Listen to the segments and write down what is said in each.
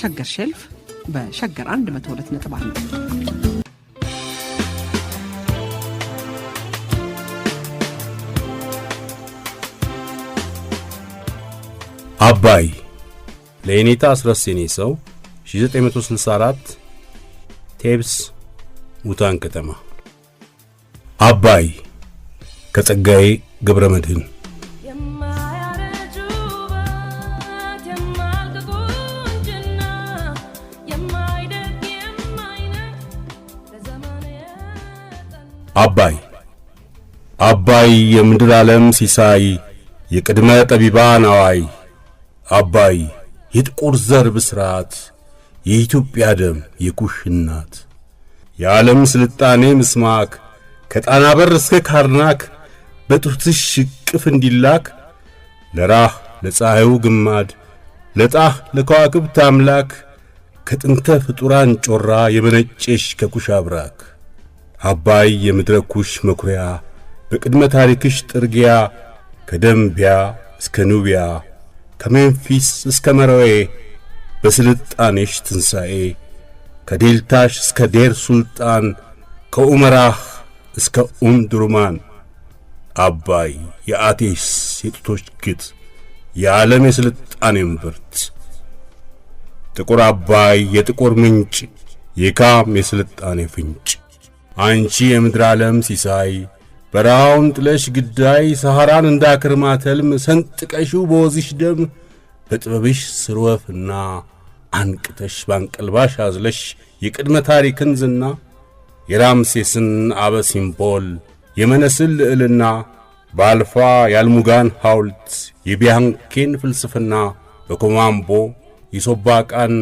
ሸገር ሼልፍ በሸገር አለ። አባይ ለየኔታ አስረስ የኔ ሰው 1964 ቴብስ ሙታን ከተማ አባይ ከጸጋዬ ገብረ መድህን አባይ አባይ የምድር ዓለም ሲሳይ የቅድመ ጠቢባን አዋይ አባይ የጥቁር ዘር ብስራት የኢትዮጵያ ደም የኩሽ እናት የዓለም ስልጣኔ ምስማክ ከጣና በር እስከ ካርናክ በጡትሽ እቅፍ እንዲላክ ለራህ ለፀሐዩ ግማድ ለጣህ ለከዋክብት አምላክ ከጥንተ ፍጡራን ጮራ የመነጨሽ ከኩሽ አብራክ አባይ የምድረ ኩሽ መኩሪያ በቅድመ ታሪክሽ ጥርጊያ ከደምቢያ እስከ ኑቢያ ከሜንፊስ እስከ መራዌ በስልጣኔሽ ትንሣኤ ከዴልታሽ እስከ ዴር ሱልጣን ከኡመራህ እስከ ኡምድሩማን አባይ የአቴስ የጡቶች ግጥ የዓለም የሥልጣኔ እምብርት ጥቁር አባይ የጥቁር ምንጭ የካም የሥልጣኔ ፍንጭ አንቺ የምድር ዓለም ሲሳይ በረሃውን ጥለሽ ግዳይ ሰሐራን እንዳክርማተልም ተልም ሰንጥቀሽው በወዝሽ ደም በጥበብሽ ስርወፍና አንቅተሽ ባንቀልባሽ አዝለሽ የቅድመ ታሪክን ዝና የራምሴስን አበ ሲምቦል የመነስን ልዕልና በአልፋ የአልሙጋን ሐውልት የቢያንኬን ፍልስፍና በኮማምቦ የሶባቃን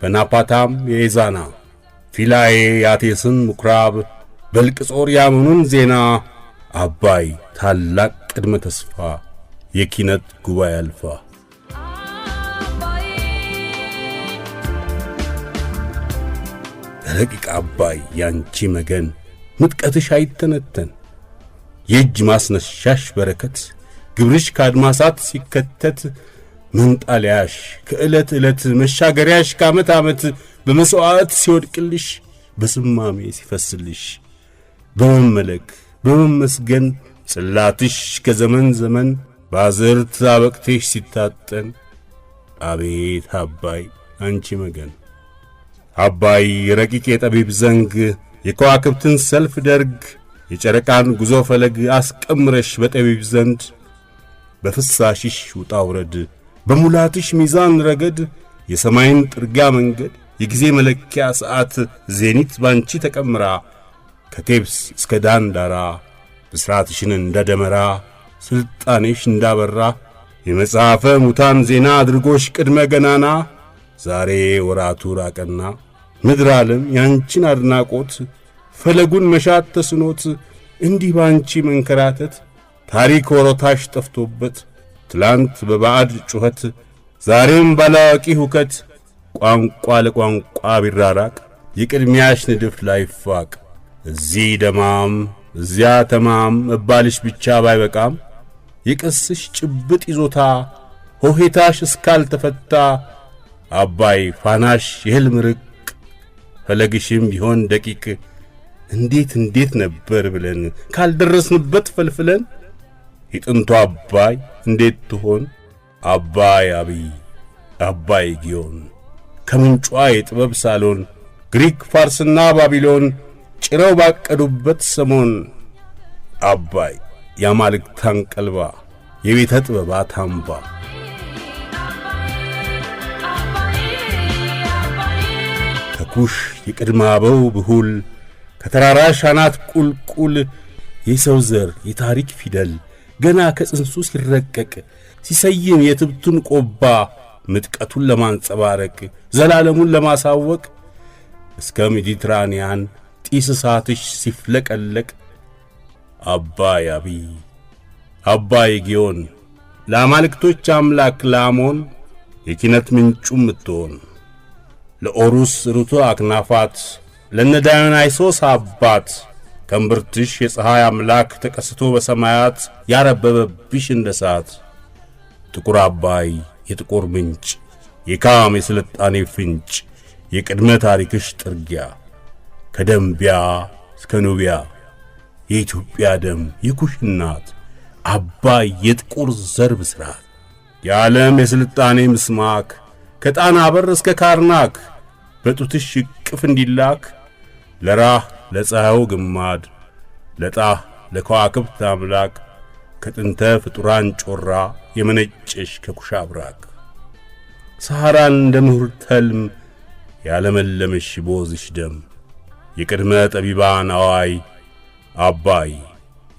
በናፓታም የኤዛና ፊላዬ ያቴስን ምኵራብ በልቅጾር ያመኑን ዜና አባይ ታላቅ ቅድመ ተስፋ የኪነት ጉባኤ አልፋ ረቂቅ አባይ ያንቺ መገን ምጥቀትሽ አይተነተን የእጅ ማስነሻሽ በረከት ግብርሽ ከአድማሳት ሲከተት መንጣሊያሽ ከዕለት ዕለት መሻገሪያሽ ከዓመት ዓመት በመሥዋዕት ሲወድቅልሽ በስማሜ ሲፈስልሽ በመመለክ በመመስገን ጽላትሽ ከዘመን ዘመን ባዝርት አበቅቴሽ ሲታጠን አቤት አባይ አንቺ መገን አባይ ረቂቅ የጠቢብ ዘንግ የከዋክብትን ሰልፍ ደርግ የጨረቃን ጉዞ ፈለግ አስቀምረሽ በጠቢብ ዘንድ በፍሳሽሽ ውጣውረድ! በሙላትሽ ሚዛን ረገድ የሰማይን ጥርጊያ መንገድ የጊዜ መለኪያ ሰዓት ዜኒት ባንቺ ተቀምራ ከቴብስ እስከ ዳን ዳራ ብስራትሽን እንደ ደመራ ሥልጣኔሽ እንዳበራ የመጽሐፈ ሙታን ዜና አድርጎሽ ቅድመ ገናና ዛሬ ወራቱ ራቀና ምድር ዓለም ያንቺን አድናቆት ፈለጉን መሻት ተስኖት እንዲህ ባንቺ መንከራተት ታሪክ ወሮታሽ ጠፍቶበት ትላንት በባዕድ ጩኸት ዛሬም ባላዋቂ ሁከት ቋንቋ ለቋንቋ ቢራራቅ የቅድሚያሽ ንድፍ ላይፋቅ እዚህ ደማም እዚያ ተማም መባልሽ ብቻ ባይበቃም የቀስሽ ጭብጥ ይዞታ ሆሄታሽ እስካልተፈታ አባይ ፋናሽ የሕልም ርቅ ፈለግሽም ቢሆን ደቂቅ እንዴት እንዴት ነበር ብለን ካልደረስንበት ፈልፍለን የጥንቱ አባይ እንዴት ትሆን አባይ አብይ አባይ ጊዮን ከምንጯ የጥበብ ሳሎን ግሪክ ፋርስና ባቢሎን ጭረው ባቀዱበት ሰሞን አባይ የአማልክት አንቀልባ የቤተ ጥበባት አምባ ከኩሽ የቅድመ አበው ብሁል ከተራራ ሻናት ቁልቁል የሰው ዘር የታሪክ ፊደል ገና ከጽንሱ ሲረቀቅ ሲሰይም የትብቱን ቆባ ምጥቀቱን ለማንጸባረቅ ዘላለሙን ለማሳወቅ እስከ ሜዲትራንያን ጢስ እሳትሽ ሲፍለቀለቅ አባይ አብይ አባይ ጊዮን ለአማልክቶች አምላክ ላሞን የኪነት ምንጩ ምትሆን ለኦሩስ ሩቶ አክናፋት ለነዳዮናይሶስ አባት ከምብርትሽ የፀሐይ አምላክ ተቀስቶ በሰማያት ያረበበብሽ እንደ ሰዓት ጥቁር አባይ የጥቁር ምንጭ የካም የስልጣኔ ፍንጭ የቅድመ ታሪክሽ ጥርጊያ ከደምቢያ እስከ ኑቢያ የኢትዮጵያ ደም የኩሽ እናት አባይ የጥቁር ዘር ብስራት የዓለም የስልጣኔ ምስማክ ከጣና በር እስከ ካርናክ በጡትሽ እቅፍ እንዲላክ ለራህ ለፀሐዩ ግማድ ለጣህ ለከዋክብት አምላክ ከጥንተ ፍጡራን ጮራ የመነጨሽ ከኩሻ ብራቅ ሰሐራን እንደ ምሁር ተልም ያለመለመሽ ቦዝሽ ደም የቅድመ ጠቢባን አዋይ አባይ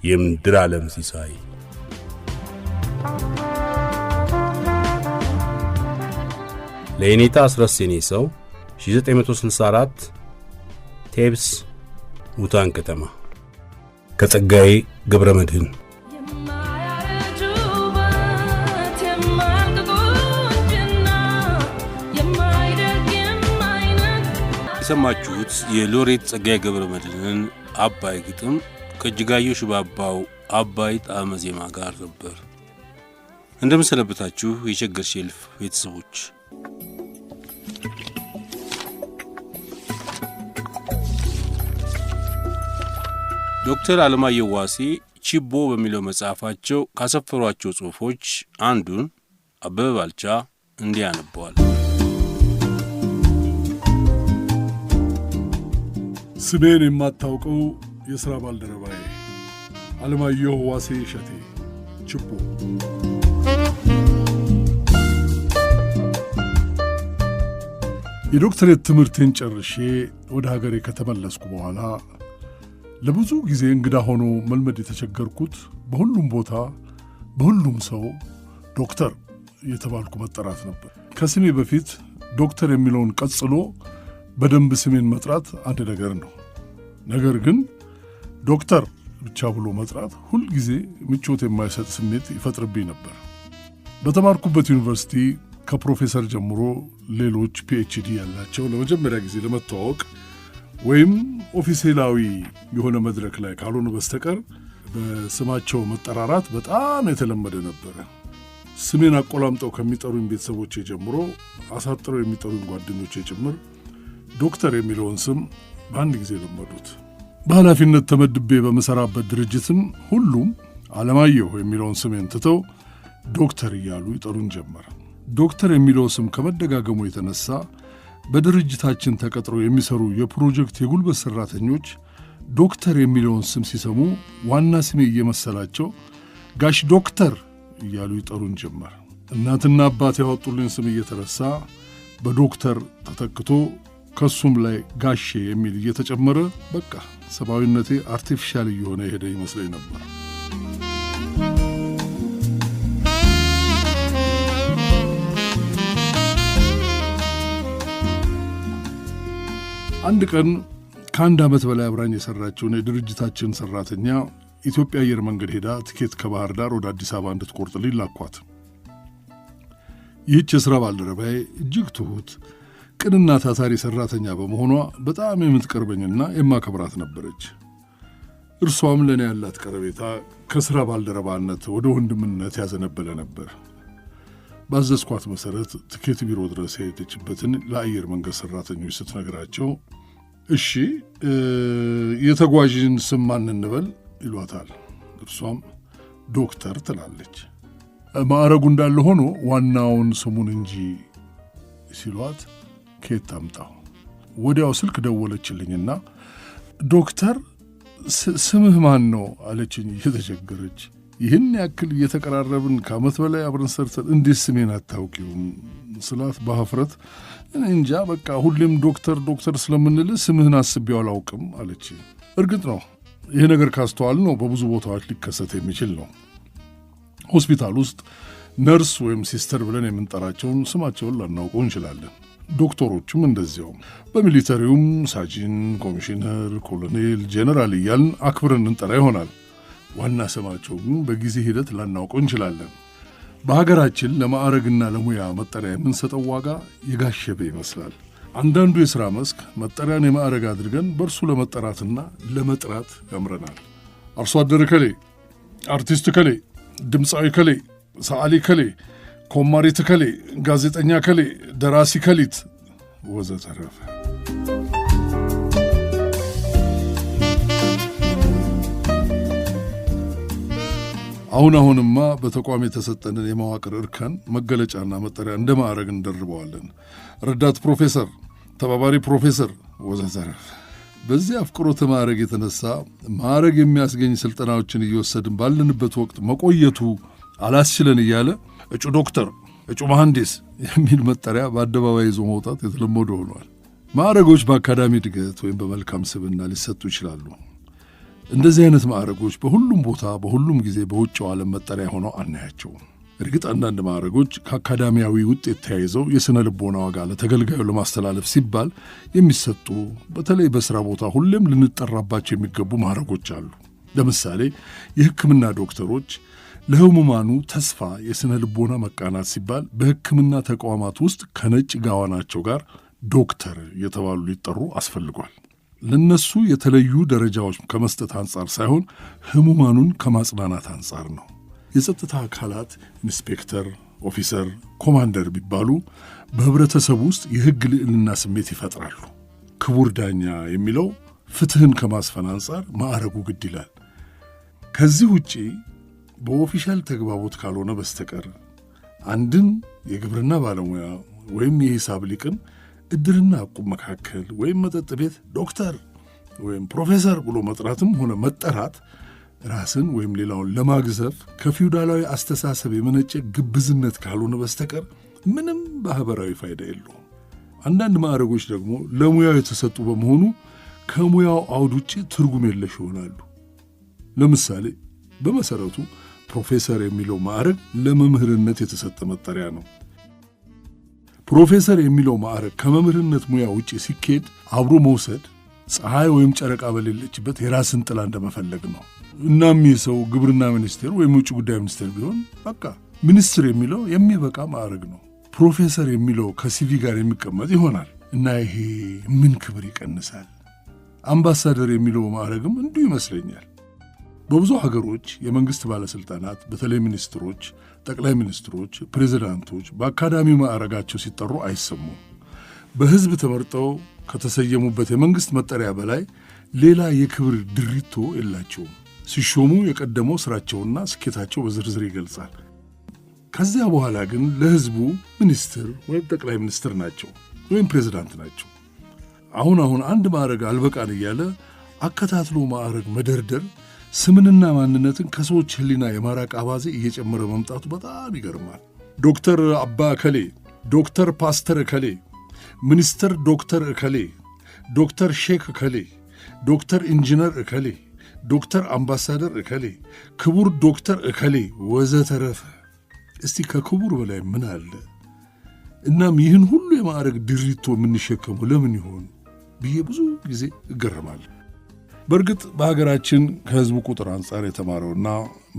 የምድር ዓለም ሲሳይ ለየኔታ አስረስ የኔ ሰው 1964 ቴብስ ሙታን ከተማ ከጸጋዬ ገብረ መድህን የሰማችሁት የሎሬት ጸጋዬ ገብረ መድህንን አባይ ግጥም ከእጅጋየሁ ሽባባው አባይ ጣዕመ ዜማ ጋር ነበር። እንደምንሰነበታችሁ የቸገር ሼልፍ ቤተሰቦች ዶክተር አለማየሁ ዋሴ ችቦ በሚለው መጽሐፋቸው ካሰፈሯቸው ጽሑፎች አንዱን አበበ ባልቻ እንዲህ ያነበዋል። ስሜን የማታውቀው የሥራ ባልደረባዬ አለማየሁ ዋሴ እሸቴ ችቦ የዶክተሬት ትምህርቴን ጨርሼ ወደ ሀገሬ ከተመለስኩ በኋላ ለብዙ ጊዜ እንግዳ ሆኖ መልመድ የተቸገርኩት በሁሉም ቦታ በሁሉም ሰው ዶክተር የተባልኩ መጠራት ነበር። ከስሜ በፊት ዶክተር የሚለውን ቀጽሎ በደንብ ስሜን መጥራት አንድ ነገር ነው። ነገር ግን ዶክተር ብቻ ብሎ መጥራት ሁልጊዜ ምቾት የማይሰጥ ስሜት ይፈጥርብኝ ነበር። በተማርኩበት ዩኒቨርሲቲ ከፕሮፌሰር ጀምሮ ሌሎች ፒኤችዲ ያላቸው ለመጀመሪያ ጊዜ ለመተዋወቅ ወይም ኦፊሴላዊ የሆነ መድረክ ላይ ካልሆነ በስተቀር በስማቸው መጠራራት በጣም የተለመደ ነበረ። ስሜን አቆላምጠው ከሚጠሩኝ ቤተሰቦቼ ጀምሮ አሳጥረው የሚጠሩኝ ጓደኞቼ ጭምር ዶክተር የሚለውን ስም በአንድ ጊዜ ለመዱት። በኃላፊነት ተመድቤ በመሰራበት ድርጅትም ሁሉም አለማየሁ የሚለውን ስሜን ትተው ዶክተር እያሉ ይጠሩን ጀመር። ዶክተር የሚለው ስም ከመደጋገሙ የተነሳ በድርጅታችን ተቀጥሮ የሚሰሩ የፕሮጀክት የጉልበት ሠራተኞች ዶክተር የሚለውን ስም ሲሰሙ ዋና ስሜ እየመሰላቸው ጋሽ ዶክተር እያሉ ይጠሩን ጀመር። እናትና አባት ያወጡልን ስም እየተረሳ በዶክተር ተተክቶ ከሱም ላይ ጋሼ የሚል እየተጨመረ በቃ ሰብአዊነቴ አርቲፊሻል እየሆነ የሄደ ይመስለኝ ነበር። አንድ ቀን ከአንድ ዓመት በላይ አብራኝ የሰራችውን የድርጅታችን ሰራተኛ ኢትዮጵያ አየር መንገድ ሄዳ ትኬት ከባህር ዳር ወደ አዲስ አበባ እንድትቆርጥልኝ ላኳት። ይህች የሥራ ባልደረባዬ እጅግ ትሑት ቅንና ታታሪ ሠራተኛ በመሆኗ በጣም የምትቀርበኝና የማከብራት ነበረች። እርሷም ለእኔ ያላት ቀረቤታ ከሥራ ባልደረባነት ወደ ወንድምነት ያዘነበለ ነበር። ባዘዝኳት መሰረት ትኬት ቢሮ ድረስ የሄደችበትን ለአየር መንገድ ሰራተኞች ስትነግራቸው እሺ የተጓዥን ስም ማን እንበል ይሏታል። እርሷም ዶክተር ትላለች። ማዕረጉ እንዳለ ሆኖ ዋናውን ስሙን እንጂ ሲሏት ከየት ታምጣው። ወዲያው ስልክ ደወለችልኝና ዶክተር ስምህ ማን ነው አለችኝ እየተቸገረች። ይህን ያክል እየተቀራረብን ከዓመት በላይ አብረን ሰርተን እንዴት ስሜን አታውቂውም ስላት በሀፍረት እንጃ በቃ ሁሌም ዶክተር ዶክተር ስለምንል ስምህን አስቤው አላውቅም አለች። እርግጥ ነው ይህ ነገር ካስተዋል ነው በብዙ ቦታዎች ሊከሰት የሚችል ነው። ሆስፒታል ውስጥ ነርስ ወይም ሲስተር ብለን የምንጠራቸውን ስማቸውን ላናውቀው እንችላለን። ዶክተሮቹም እንደዚያው። በሚሊተሪውም ሳጂን፣ ኮሚሽነር፣ ኮሎኔል፣ ጄኔራል እያልን አክብረን እንጠራ ይሆናል። ዋና ስማቸው ግን በጊዜ ሂደት ላናውቀው እንችላለን። በሀገራችን ለማዕረግና ለሙያ መጠሪያ የምንሰጠው ዋጋ የጋሸበ ይመስላል። አንዳንዱ የሥራ መስክ መጠሪያን የማዕረግ አድርገን በእርሱ ለመጠራትና ለመጥራት ያምረናል። አርሶ አደር ከሌ፣ አርቲስት ከሌ፣ ድምፃዊ ከሌ፣ ሰዓሊ ከሌ፣ ኮማሪት ከሌ፣ ጋዜጠኛ ከሌ፣ ደራሲ ከሊት ወዘተረፈ አሁን አሁንማ በተቋም የተሰጠንን የመዋቅር እርከን መገለጫና መጠሪያ እንደ ማዕረግ እንደርበዋለን። ረዳት ፕሮፌሰር፣ ተባባሪ ፕሮፌሰር ወዘተረፍ። በዚህ አፍቅሮተ ማዕረግ የተነሳ ማዕረግ የሚያስገኝ ስልጠናዎችን እየወሰድን ባለንበት ወቅት መቆየቱ አላስችለን እያለ እጩ ዶክተር፣ እጩ መሐንዲስ የሚል መጠሪያ በአደባባይ ይዞ መውጣት የተለመደ ሆኗል። ማዕረጎች በአካዳሚ እድገት ወይም በመልካም ስብና ሊሰጡ ይችላሉ። እንደዚህ አይነት ማዕረጎች በሁሉም ቦታ በሁሉም ጊዜ በውጭው ዓለም መጠሪያ ሆነው አናያቸውም። እርግጥ አንዳንድ ማዕረጎች ከአካዳሚያዊ ውጤት ተያይዘው የሥነ ልቦና ዋጋ ለተገልጋዩ ለማስተላለፍ ሲባል የሚሰጡ በተለይ በሥራ ቦታ ሁሌም ልንጠራባቸው የሚገቡ ማዕረጎች አሉ። ለምሳሌ የሕክምና ዶክተሮች ለሕሙማኑ ተስፋ የሥነ ልቦና መቃናት ሲባል በሕክምና ተቋማት ውስጥ ከነጭ ጋዋናቸው ጋር ዶክተር የተባሉ ሊጠሩ አስፈልጓል። ለነሱ የተለዩ ደረጃዎች ከመስጠት አንጻር ሳይሆን ህሙማኑን ከማጽናናት አንጻር ነው። የጸጥታ አካላት ኢንስፔክተር፣ ኦፊሰር፣ ኮማንደር ቢባሉ በህብረተሰቡ ውስጥ የህግ ልዕልና ስሜት ይፈጥራሉ። ክቡር ዳኛ የሚለው ፍትህን ከማስፈን አንጻር ማዕረጉ ግድ ይላል። ከዚህ ውጪ በኦፊሻል ተግባቦት ካልሆነ በስተቀር አንድን የግብርና ባለሙያ ወይም የሂሳብ ሊቅን እድርና እቁብ መካከል ወይም መጠጥ ቤት ዶክተር ወይም ፕሮፌሰር ብሎ መጥራትም ሆነ መጠራት ራስን ወይም ሌላውን ለማግዘፍ ከፊውዳላዊ አስተሳሰብ የመነጨ ግብዝነት ካልሆነ በስተቀር ምንም ማህበራዊ ፋይዳ የለውም። አንዳንድ ማዕረጎች ደግሞ ለሙያው የተሰጡ በመሆኑ ከሙያው አውድ ውጭ ትርጉም የለሽ ይሆናሉ። ለምሳሌ በመሠረቱ ፕሮፌሰር የሚለው ማዕረግ ለመምህርነት የተሰጠ መጠሪያ ነው። ፕሮፌሰር የሚለው ማዕረግ ከመምህርነት ሙያ ውጭ ሲኬድ አብሮ መውሰድ ፀሐይ ወይም ጨረቃ በሌለችበት የራስን ጥላ እንደመፈለግ ነው። እናም ይህ ሰው ግብርና ሚኒስቴር ወይም ውጭ ጉዳይ ሚኒስቴር ቢሆን በቃ ሚኒስትር የሚለው የሚበቃ ማዕረግ ነው። ፕሮፌሰር የሚለው ከሲቪ ጋር የሚቀመጥ ይሆናል እና ይሄ ምን ክብር ይቀንሳል? አምባሳደር የሚለው ማዕረግም እንዲሁ ይመስለኛል። በብዙ ሀገሮች የመንግሥት ባለሥልጣናት በተለይ ሚኒስትሮች ጠቅላይ ሚኒስትሮች፣ ፕሬዚዳንቶች በአካዳሚ ማዕረጋቸው ሲጠሩ አይሰሙም። በሕዝብ ተመርጠው ከተሰየሙበት የመንግሥት መጠሪያ በላይ ሌላ የክብር ድሪቶ የላቸውም። ሲሾሙ የቀደመው ሥራቸውና ስኬታቸው በዝርዝር ይገልጻል። ከዚያ በኋላ ግን ለሕዝቡ ሚኒስትር ወይም ጠቅላይ ሚኒስትር ናቸው ወይም ፕሬዚዳንት ናቸው። አሁን አሁን አንድ ማዕረግ አልበቃን እያለ አከታትሎ ማዕረግ መደርደር ስምንና ማንነትን ከሰዎች ህሊና የማራቅ አባዜ እየጨመረ መምጣቱ በጣም ይገርማል። ዶክተር አባ እከሌ፣ ዶክተር ፓስተር እከሌ፣ ሚኒስትር ዶክተር እከሌ፣ ዶክተር ሼክ እከሌ፣ ዶክተር ኢንጂነር እከሌ፣ ዶክተር አምባሳደር እከሌ፣ ክቡር ዶክተር እከሌ ወዘተረፈ። እስቲ ከክቡር በላይ ምን አለ? እናም ይህን ሁሉ የማዕረግ ድሪቶ የምንሸከመው ለምን ይሆን ብዬ ብዙ ጊዜ እገረማለሁ። በእርግጥ በሀገራችን ከህዝቡ ቁጥር አንጻር የተማረውና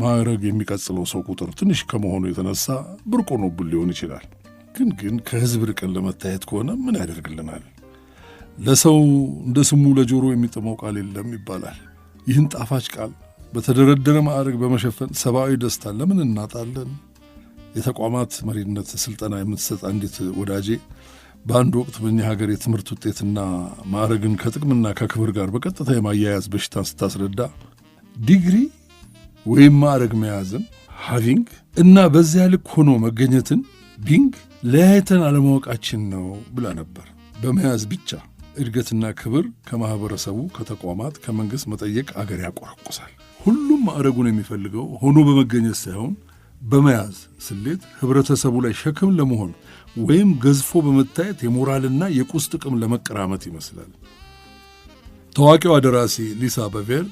ማዕረግ የሚቀጽለው ሰው ቁጥር ትንሽ ከመሆኑ የተነሳ ብርቅ ሆኖብን ሊሆን ይችላል። ግን ግን ከህዝብ ርቀን ለመታየት ከሆነ ምን ያደርግልናል? ለሰው እንደ ስሙ ለጆሮ የሚጥመው ቃል የለም ይባላል። ይህን ጣፋጭ ቃል በተደረደረ ማዕረግ በመሸፈን ሰብአዊ ደስታ ለምን እናጣለን? የተቋማት መሪነት ስልጠና የምትሰጥ አንዲት ወዳጄ በአንድ ወቅት በእኛ ሀገር የትምህርት ውጤትና ማዕረግን ከጥቅምና ከክብር ጋር በቀጥታ የማያያዝ በሽታን ስታስረዳ ዲግሪ ወይም ማዕረግ መያዝን ሃቪንግ እና በዚያ ልክ ሆኖ መገኘትን ቢንግ ለያይተን አለማወቃችን ነው ብላ ነበር። በመያዝ ብቻ እድገትና ክብር ከማህበረሰቡ፣ ከተቋማት፣ ከመንግስት መጠየቅ አገር ያቆረቁሳል። ሁሉም ማዕረጉን የሚፈልገው ሆኖ በመገኘት ሳይሆን በመያዝ ስሌት ህብረተሰቡ ላይ ሸክም ለመሆን ወይም ገዝፎ በመታየት የሞራልና የቁስ ጥቅም ለመቀራመት ይመስላል። ታዋቂዋ ደራሲ ሊሳ በቬር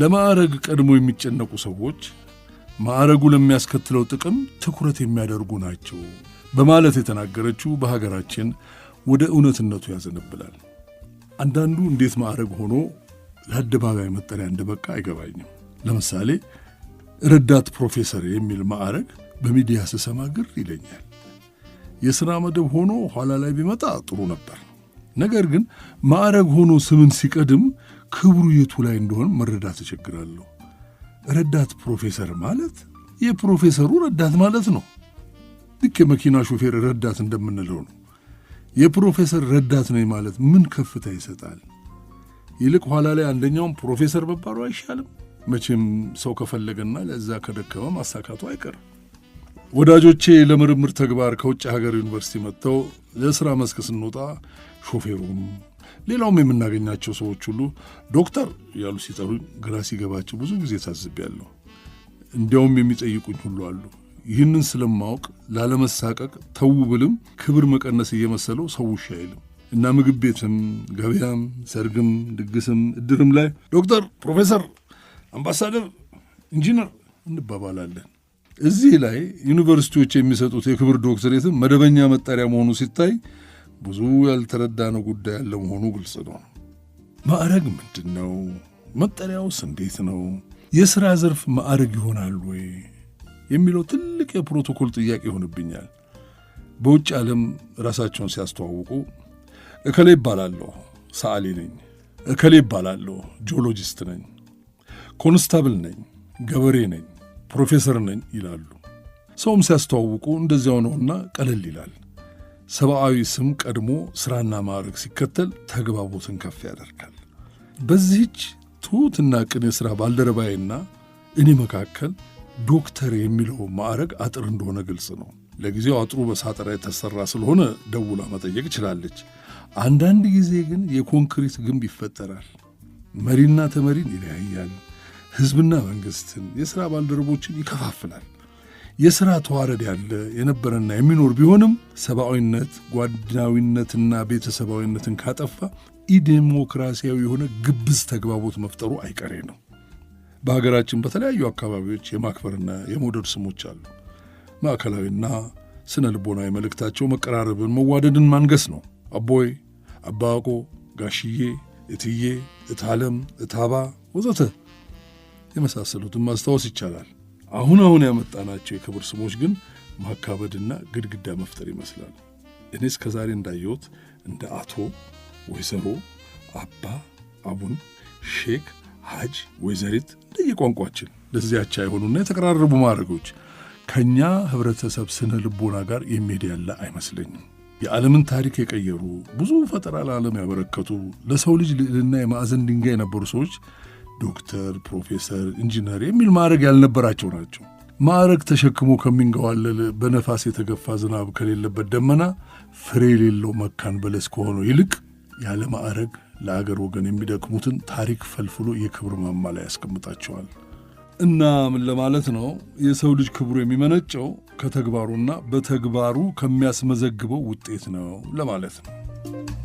ለማዕረግ ቀድሞ የሚጨነቁ ሰዎች ማዕረጉ ለሚያስከትለው ጥቅም ትኩረት የሚያደርጉ ናቸው በማለት የተናገረችው በሀገራችን ወደ እውነትነቱ ያዘነብላል። አንዳንዱ እንዴት ማዕረግ ሆኖ ለአደባባይ መጠሪያ እንደበቃ አይገባኝም። ለምሳሌ ረዳት ፕሮፌሰር የሚል ማዕረግ በሚዲያ ስሰማ ግር ይለኛል። የሥራ መደብ ሆኖ ኋላ ላይ ቢመጣ ጥሩ ነበር። ነገር ግን ማዕረግ ሆኖ ስምን ሲቀድም ክብሩ የቱ ላይ እንደሆን መረዳት እቸግራለሁ። ረዳት ፕሮፌሰር ማለት የፕሮፌሰሩ ረዳት ማለት ነው። ልክ የመኪና ሾፌር ረዳት እንደምንለው ነው። የፕሮፌሰር ረዳት ነኝ ማለት ምን ከፍታ ይሰጣል? ይልቅ ኋላ ላይ አንደኛውም ፕሮፌሰር መባሉ አይሻልም? መቼም ሰው ከፈለገና ለዛ ከደከመ ማሳካቱ አይቀርም። ወዳጆቼ ለምርምር ተግባር ከውጭ ሀገር ዩኒቨርሲቲ መጥተው ለሥራ መስክ ስንወጣ ሾፌሩም ሌላውም የምናገኛቸው ሰዎች ሁሉ ዶክተር እያሉ ሲጠሩ ግራ ሲገባቸው ብዙ ጊዜ ታዝቤያለሁ። እንዲያውም የሚጠይቁኝ ሁሉ አሉ። ይህንን ስለማወቅ ላለመሳቀቅ ተው ብልም ክብር መቀነስ እየመሰለው ሰው ውሻ አይልም እና ምግብ ቤትም፣ ገበያም፣ ሰርግም፣ ድግስም፣ እድርም ላይ ዶክተር፣ ፕሮፌሰር አምባሳደር፣ ኢንጂነር እንባባላለን። እዚህ ላይ ዩኒቨርሲቲዎች የሚሰጡት የክብር ዶክትሬትም መደበኛ መጠሪያ መሆኑ ሲታይ ብዙ ያልተረዳነው ጉዳይ ያለ መሆኑ ግልጽ ነው። ማዕረግ ምንድን ነው? መጠሪያውስ እንዴት ነው? የሥራ ዘርፍ ማዕረግ ይሆናል ወይ የሚለው ትልቅ የፕሮቶኮል ጥያቄ ይሆንብኛል። በውጭ ዓለም ራሳቸውን ሲያስተዋውቁ እከሌ ይባላለሁ፣ ሰዓሊ ነኝ፣ እከሌ ይባላለሁ፣ ጂኦሎጂስት ነኝ ኮንስታብል ነኝ፣ ገበሬ ነኝ፣ ፕሮፌሰር ነኝ ይላሉ። ሰውም ሲያስተዋውቁ እንደዚያው ነውና ቀለል ይላል። ሰብአዊ ስም ቀድሞ ስራና ማዕረግ ሲከተል ተግባቦትን ከፍ ያደርጋል። በዚህች ትሑትና ቅን የሥራ ባልደረባዬና እኔ መካከል ዶክተር የሚለው ማዕረግ አጥር እንደሆነ ግልጽ ነው። ለጊዜው አጥሩ በሳጠራ የተሠራ ስለሆነ ደውላ መጠየቅ ችላለች። አንዳንድ ጊዜ ግን የኮንክሪት ግንብ ይፈጠራል። መሪና ተመሪን ይለያያል። ህዝብና መንግስትን፣ የሥራ ባልደረቦችን ይከፋፍላል። የሥራ ተዋረድ ያለ የነበረና የሚኖር ቢሆንም ሰብአዊነት፣ ጓዳዊነትና ቤተሰባዊነትን ካጠፋ ኢዴሞክራሲያዊ የሆነ ግብዝ ተግባቦት መፍጠሩ አይቀሬ ነው። በሀገራችን በተለያዩ አካባቢዎች የማክበርና የመውደድ ስሞች አሉ። ማዕከላዊና ስነ ልቦናዊ መልእክታቸው መቀራረብን፣ መዋደድን ማንገስ ነው። አቦይ፣ አባቆ፣ ጋሽዬ፣ እትዬ፣ እታለም፣ እታባ ወዘተ የመሳሰሉትን ማስታወስ ይቻላል። አሁን አሁን ያመጣናቸው የክብር ስሞች ግን ማካበድና ግድግዳ መፍጠር ይመስላል። እኔ እስከ ዛሬ እንዳየሁት እንደ አቶ፣ ወይዘሮ፣ አባ፣ አቡን፣ ሼክ፣ ሀጅ፣ ወይዘሪት እንደየቋንቋችን ለዚያቻ የሆኑና የተቀራረቡ ማድረጎች ከእኛ ህብረተሰብ ስነ ልቦና ጋር የሚሄድ ያለ አይመስለኝም። የዓለምን ታሪክ የቀየሩ ብዙ ፈጠራ ለዓለም ያበረከቱ ለሰው ልጅ ልዕልና የማዕዘን ድንጋይ የነበሩ ሰዎች ዶክተር፣ ፕሮፌሰር፣ ኢንጂነር የሚል ማዕረግ ያልነበራቸው ናቸው። ማዕረግ ተሸክሞ ከሚንገዋለል በነፋስ የተገፋ ዝናብ ከሌለበት ደመና ፍሬ የሌለው መካን በለስ ከሆነው ይልቅ ያለ ማዕረግ ለአገር ወገን የሚደክሙትን ታሪክ ፈልፍሎ የክብር ማማ ላይ ያስቀምጣቸዋል። እና ምን ለማለት ነው? የሰው ልጅ ክብሩ የሚመነጨው ከተግባሩና በተግባሩ ከሚያስመዘግበው ውጤት ነው ለማለት ነው።